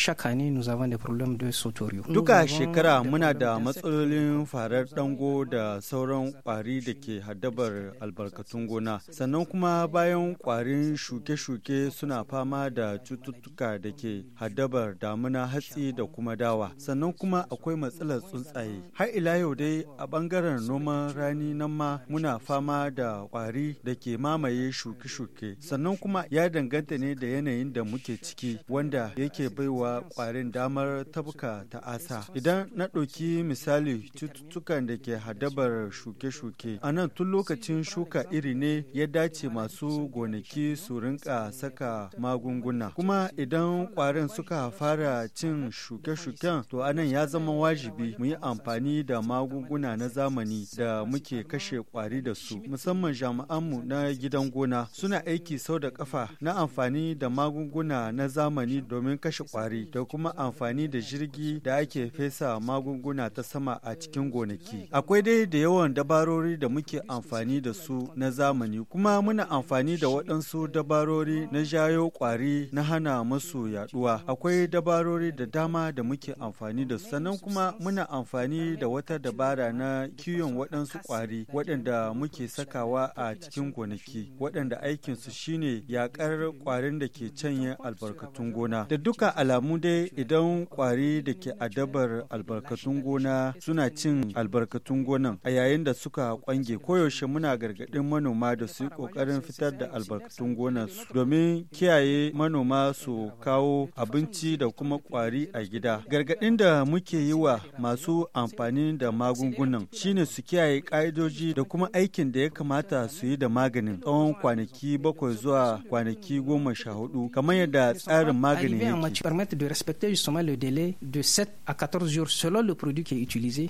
shaka ne nous avons des problèmes de Duka shekara muna da matsalolin farar dango da sauran kwari da ke haddabar albarkatun gona. Sannan kuma bayan kwarin shuke-shuke suna fama da cututtuka da ke haddabar damuna hatsi da kuma dawa. Sannan kuma akwai matsalar tsuntsaye. Har ila yau dai a bangaren noman rani nan ma muna fama da kwari da ke mamaye shuke-shuke. Sannan kuma ya danganta ne da yanayin da muke ciki wanda yake baiwa kwarin damar ta asa Idan na ɗauki misali cututtukan da ke hadabar shuke-shuke, a nan tun lokacin shuka iri ne ya dace masu gonaki su rinka saka magunguna. Kuma idan kwarin suka fara cin shuke-shuken, to anan ya zama wajibi mu yi amfani da magunguna na zamani da muke kashe kwari da su. Musamman jami'anmu na gidan gona suna aiki sau da kafa na amfani da magunguna na zamani domin kashe kwari. sukari da kuma amfani da jirgi da ake fesa magunguna ta sama a cikin gonaki. Akwai dai da yawan dabarori da muke amfani da su na zamani kuma muna amfani da waɗansu dabarori na jayo ƙwari na hana musu yaɗuwa. Akwai dabarori da dama da muke amfani da su sannan kuma muna amfani da wata dabara na kiwon waɗansu ƙwari waɗanda muke sakawa a cikin gonaki waɗanda aikinsu shine yaƙar ƙwarin da ke canye albarkatun gona. Da duka alamu mu dai idan kwari da ke adabar albarkatun gona suna cin albarkatun gonan a yayin da suka kwange koyaushe muna gargaɗin manoma da su yi ƙoƙarin fitar da albarkatun gonan su domin kiyaye manoma su kawo abinci da kuma kwari a gida. Gargaɗin da muke yi wa masu amfani da magungunan shine su kiyaye ƙa'idoji da kuma aikin da ya kamata su yi da maganin tsawon kwanaki bakwai zuwa kwanaki goma sha hudu kamar yadda tsarin maganin yake. de respecter justement le délai de 7 à 14 jours selon le produit qui est utilisé